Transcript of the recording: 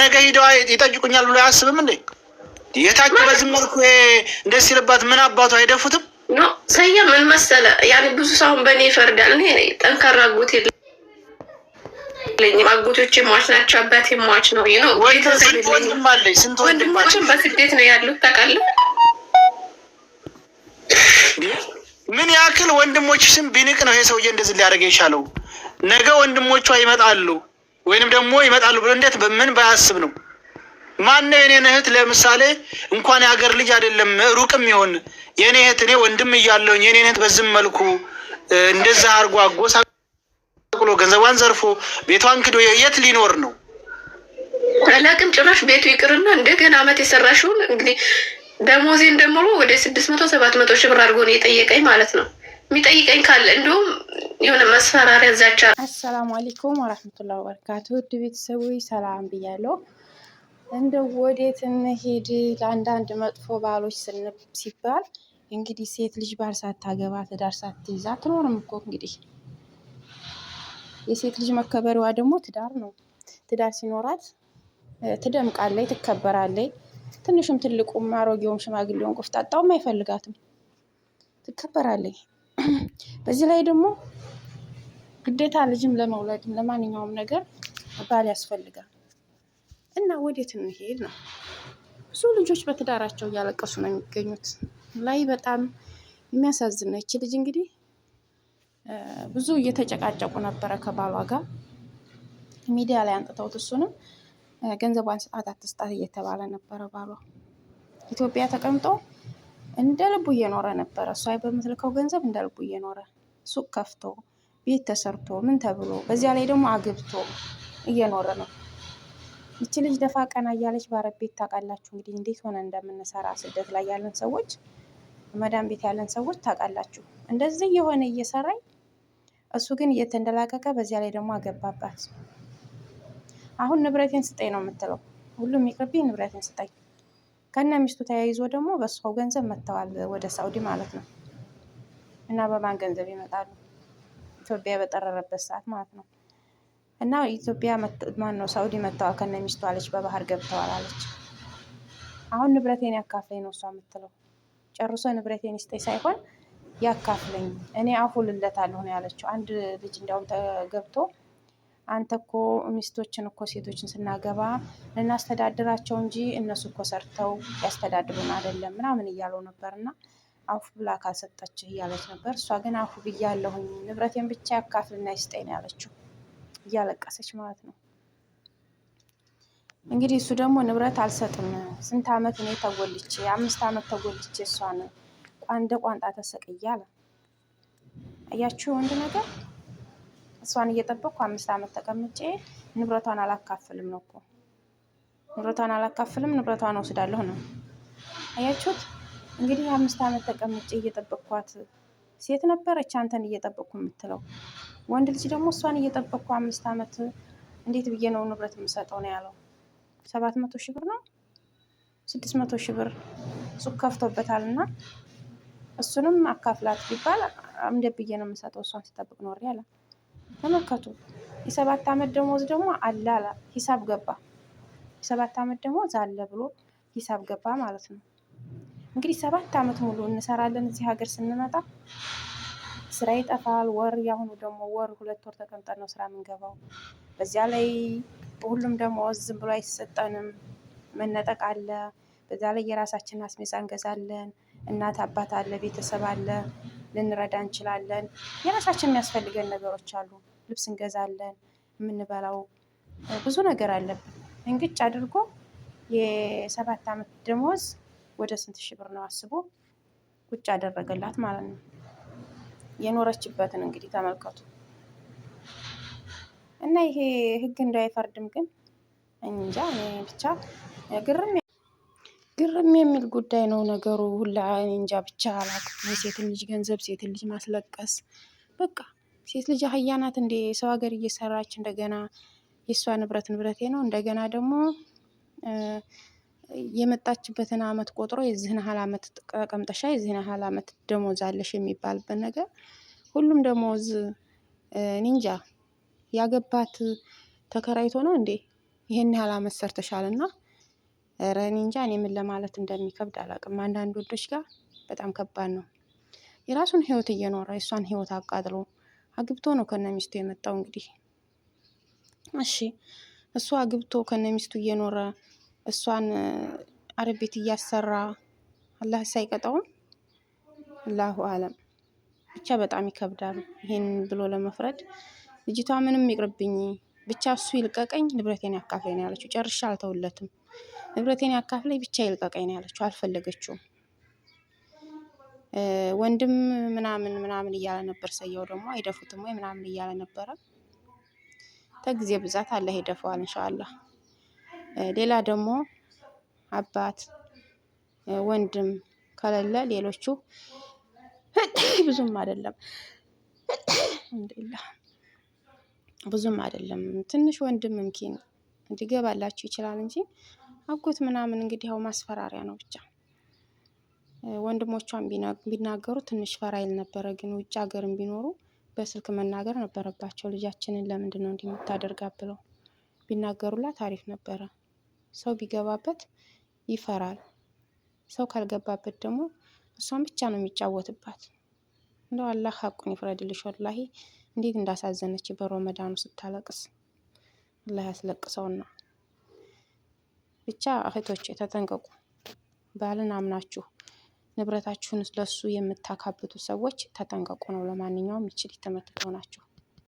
ነገ ሂደዋ ይጠይቁኛል ብሎ አያስብም እንዴ? የታች በዚህ መልኩ እንደስ ሲልባት ምን አባቱ አይደፉትም? ኖ ሰየ ምን መሰለ ያን ብዙ ሰውን በእኔ ይፈርዳል። እኔ ጠንካራ አጎት የለኝም። አጎቶች የሟች ናቸው። አባት የሟች ነው ነው። ወንድሞችን በስደት ነው ያሉት ታውቃለህ። ምን ያክል ወንድሞችሽን ቢንቅ ነው ይሄ ሰውዬ እንደዚህ ሊያደርግ የቻለው? ነገ ወንድሞቿ ይመጣሉ። ወይንም ደግሞ ይመጣሉ ብሎ እንዴት በምን ባያስብ ነው? ማነው የኔን እህት ለምሳሌ እንኳን የሀገር ልጅ አይደለም ሩቅም ይሆን የኔ እህት እኔ ወንድም እያለውኝ የኔን እህት በዝም መልኩ እንደዛ አርጎ አጎሳቅሎ ገንዘቧን ዘርፎ ቤቷን ክዶ የት ሊኖር ነው? አላቅም ጭራሽ ቤቱ ይቅርና እንደገና አመት የሰራሽውን እንግዲህ ደሞዜን ደምሮ ወደ ስድስት መቶ ሰባት መቶ ሺህ ብር አድርጎ ነው የጠየቀኝ ማለት ነው የሚጠይቀኝ ካለ እንዲሁም የሆነ መስፈራሪያ ዛቻ። አሰላሙ አለይኩም ወራህመቱላ ወበረካቱ። ውድ ቤተሰቦች ሰላም ብያለሁ። እንደ ወዴት እንሄድ ለአንዳንድ መጥፎ ባሎች ሲባል እንግዲህ ሴት ልጅ ባል ሳታገባ ትዳር ሳትይዝ አትኖርም እኮ እንግዲህ የሴት ልጅ መከበሪዋ ደግሞ ትዳር ነው። ትዳር ሲኖራት ትደምቃለች፣ ትከበራለች። ትንሹም ትልቁም አሮጌውም ሽማግሌውን ቆፍጣጣውም አይፈልጋትም፣ ትከበራለች። በዚህ ላይ ደግሞ ግዴታ ልጅም ለመውለድም ለማንኛውም ነገር ባል ያስፈልጋል እና ወዴት እንሄድ ነው? ብዙ ልጆች በትዳራቸው እያለቀሱ ነው የሚገኙት። ላይ በጣም የሚያሳዝን ነው። ይቺ ልጅ እንግዲህ ብዙ እየተጨቃጨቁ ነበረ ከባሏ ጋር ሚዲያ ላይ አንጥተውት እሱንም ገንዘቧን ስጣት አትስጣት እየተባለ ነበረ። ባሏ ኢትዮጵያ ተቀምጦ እንደ ልቡ እየኖረ ነበረ። እሷ በምትልከው ገንዘብ እንደ ልቡ እየኖረ ሱቅ ከፍቶ ቤት ተሰርቶ ምን ተብሎ በዚያ ላይ ደግሞ አግብቶ እየኖረ ነው። ይቺ ልጅ ደፋ ቀና እያለች በአረብ ቤት ታውቃላችሁ እንግዲህ እንዴት ሆነ እንደምንሰራ ስደት ላይ ያለን ሰዎች፣ መዳን ቤት ያለን ሰዎች ታውቃላችሁ። እንደዚህ የሆነ እየሰራኝ እሱ ግን እየተንደላቀቀ በዚያ ላይ ደግሞ አገባባት። አሁን ንብረቴን ስጠኝ ነው የምትለው። ሁሉም ይቅርብኝ፣ ንብረቴን ስጠኝ። ከነ ሚስቱ ተያይዞ ደግሞ በእሷው ገንዘብ መጥተዋል ወደ ሳውዲ ማለት ነው። እና በማን ገንዘብ ይመጣሉ? ኢትዮጵያ በጠረረበት ሰዓት ማለት ነው። እና ኢትዮጵያ ማን ነው ሳኡዲ መጥተዋል ከነ ሚስቱ አለች፣ በባህር ገብተዋል አለች። አሁን ንብረቴን ያካፍለኝ ነው እሷ የምትለው። ጨርሶ ንብረቴን ይስጠኝ ሳይሆን ያካፍለኝ እኔ አፉልለታለሁ ነው ያለችው። አንድ ልጅ እንዲያውም ተገብቶ አንተ እኮ ሚስቶችን እኮ ሴቶችን ስናገባ እናስተዳድራቸው እንጂ እነሱ እኮ ሰርተው ያስተዳድሩን አይደለም ምናምን እያለው ነበር እና አፉ ብላ ካልሰጠችህ እያለች ነበር። እሷ ግን አፉ ብያለሁኝ ንብረቴን ብቻ ያካፍልና ይስጠኝ ነው ያለችው፣ እያለቀሰች ማለት ነው። እንግዲህ እሱ ደግሞ ንብረት አልሰጥም፣ ስንት ዓመት እኔ ተጎልቼ አምስት ዓመት ተጎልቼ እሷን እንደ ቋንጣ ተሰቅዬ አለ። አያችሁ ወንድ ነገር፣ እሷን እየጠበቅኩ አምስት ዓመት ተቀምጬ ንብረቷን አላካፍልም ነው እኮ። ንብረቷን አላካፍልም፣ ንብረቷን ወስዳለሁ ነው። አያችሁት? እንግዲህ አምስት ዓመት ተቀምጬ እየጠበቅኳት ሴት ነበረች አንተን እየጠበቅኩ የምትለው ወንድ ልጅ ደግሞ እሷን እየጠበቅኩ አምስት ዓመት እንዴት ብዬ ነው ንብረት የምሰጠው ነው ያለው። ሰባት መቶ ሺህ ብር ነው ስድስት መቶ ሺህ ብር ሱቅ ከፍቶበታል እና እሱንም አካፍላት ቢባል እንደ ብዬ ነው የምሰጠው እሷን ስጠብቅ ኖሬ አለ። ተመልከቱ። የሰባት ዓመት ደሞዝ ደግሞ አላላ ሂሳብ ገባ። የሰባት ዓመት ደሞዝ አለ ብሎ ሂሳብ ገባ ማለት ነው። እንግዲህ ሰባት አመት ሙሉ እንሰራለን። እዚህ ሀገር ስንመጣ ስራ ይጠፋል። ወር ያሁኑ ደግሞ ወር ሁለት ወር ተቀምጠን ነው ስራ የምንገባው። በዚያ ላይ ሁሉም ደግሞ ዝም ብሎ አይሰጠንም፣ መነጠቅ አለ። በዛ ላይ የራሳችንን አስሜዛ እንገዛለን። እናት አባት አለ፣ ቤተሰብ አለ፣ ልንረዳ እንችላለን። የራሳችን የሚያስፈልገን ነገሮች አሉ። ልብስ እንገዛለን፣ የምንበላው ብዙ ነገር አለብን። እንግጭ አድርጎ የሰባት አመት። ደሞዝ ወደ ስንት ሺህ ብር ነው አስቦ ቁጭ ያደረገላት ማለት ነው። የኖረችበትን እንግዲህ ተመልከቱ እና ይሄ ህግ እንዳይፈርድም ግን እንጃ ብቻ ግርም ግርም የሚል ጉዳይ ነው ነገሩ ሁላ እንጃ ብቻ አላት። የሴትን ልጅ ገንዘብ ሴትን ልጅ ማስለቀስ በቃ ሴት ልጅ አህያ ናት እንዴ? ሰው ሀገር እየሰራች እንደገና የእሷ ንብረት ንብረቴ ነው እንደገና ደግሞ የመጣችበትን አመት ቆጥሮ የዚህን ያህል አመት ቀምጠሻ የዚህን ያህል አመት ደሞዝ አለሽ የሚባልበት ነገር ሁሉም ደሞዝ ኒንጃ ያገባት ተከራይቶ ነው እንዴ? ይሄን ያህል አመት ሰርተሻል እና ኧረ ኒንጃ እኔ ምን ለማለት እንደሚከብድ አላውቅም። አንዳንድ ወንዶች ጋር በጣም ከባድ ነው። የራሱን ህይወት እየኖረ የእሷን ህይወት አቃጥሎ አግብቶ ነው ከነ ሚስቱ የመጣው እንግዲህ እሺ እሱ አግብቶ ከነ ሚስቱ እየኖረ እሷን አረብ ቤት እያሰራ አላህ ሳይቀጣውም አላሁ አለም ብቻ በጣም ይከብዳል። ይሄን ብሎ ለመፍረድ ልጅቷ ምንም ይቅርብኝ ብቻ እሱ ይልቀቀኝ ንብረቴን ያካፍለኝ ነው ያለችው። ጨርሻ አልተውለትም ንብረቴን ያካፍለኝ ብቻ ይልቀቀኝ ነው ያለችው። አልፈለገችውም። ወንድም ምናምን ምናምን እያለ ነበር። ሰየው ደግሞ አይደፉትም ወይ ምናምን እያለ ነበረ። ከጊዜ ብዛት አላህ ይደፈዋል እንሻአላህ ሌላ ደግሞ አባት ወንድም ከሌለ ሌሎቹ ብዙም አይደለም ብዙም አይደለም። ትንሽ ወንድም ምኪን እንዲገባላችሁ ይችላል እንጂ አጎት ምናምን እንግዲህ ያው ማስፈራሪያ ነው ብቻ። ወንድሞቿን ቢናገሩ ትንሽ ፈራ ይል ነበረ። ግን ውጭ ሀገርም ቢኖሩ በስልክ መናገር ነበረባቸው። ልጃችንን ለምንድን ነው እንዲህ የምታደርጋ ብለው ቢናገሩላት አሪፍ ነበረ። ሰው ቢገባበት ይፈራል። ሰው ካልገባበት ደግሞ እሷን ብቻ ነው የሚጫወትባት። እንደው አላህ ሀቁን ይፍረድልሽ። ወላሂ እንዴት እንዳሳዘነች በሮመዳኑ ስታለቅስ አላህ ያስለቅሰውና። ብቻ እህቶች ተጠንቀቁ። ባልን አምናችሁ ንብረታችሁን ለሱ የምታካብቱ ሰዎች ተጠንቀቁ ነው። ለማንኛውም ይችል የተመትተው ናቸው።